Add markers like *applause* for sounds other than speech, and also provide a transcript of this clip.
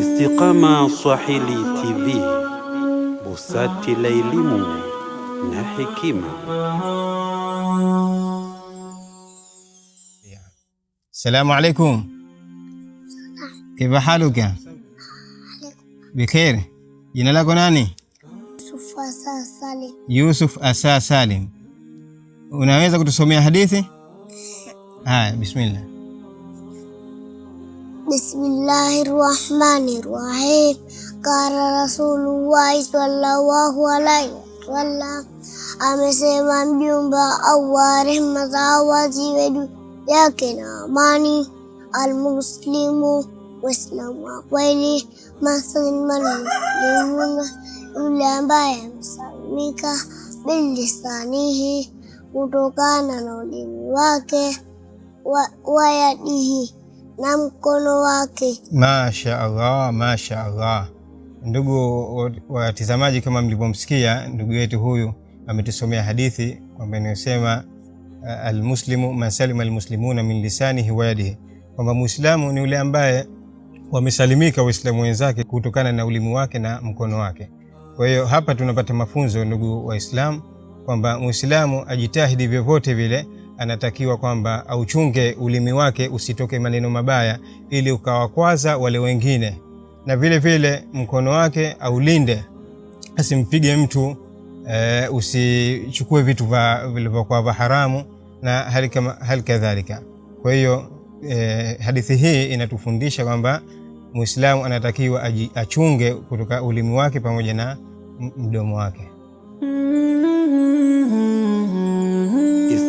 Istiqama Swahili TV, busati la elimu na hekima. Assalamu alaikum, kaifa haluka? Bikhair. Jina lako nani? Yusuf Asa Salim. Unaweza kutusomea hadithi? *laughs* Haya, bismillah. Bismillahi rahmani rahim kala Rasulullahi sallallahu alaihi wasallam, amesema mjumba Allah, rehma za Allah ziwe juu yake na amani. Almuslimu, Waislamu wa kweli, maslima muslimuna, yule ambaye amesalimika bilisanihi, kutokana na ulimi wake, wayadihi na mkono wake. Masha Allah, masha Allah. Ndugu watizamaji kama mlivyomsikia ndugu yetu huyu ametusomea hadithi kwamba inayosema uh, almuslimu man salima almuslimuna min lisanihi wa yadihi, kwamba muislamu ni yule ambaye wamesalimika waislamu wenzake kutokana na ulimi wake na mkono wake. Kwa hiyo hapa tunapata mafunzo ndugu Waislamu, kwamba muislamu ajitahidi vyovyote vile anatakiwa kwamba auchunge ulimi wake usitoke maneno mabaya, ili ukawakwaza wale wengine, na vile vile mkono wake aulinde, asimpige mtu e, usichukue vitu vilivyokuwa vya haramu na hali kadhalika. Kwa hiyo e, hadithi hii inatufundisha kwamba Muislamu anatakiwa achunge kutoka ulimi wake pamoja na mdomo wake. Mm.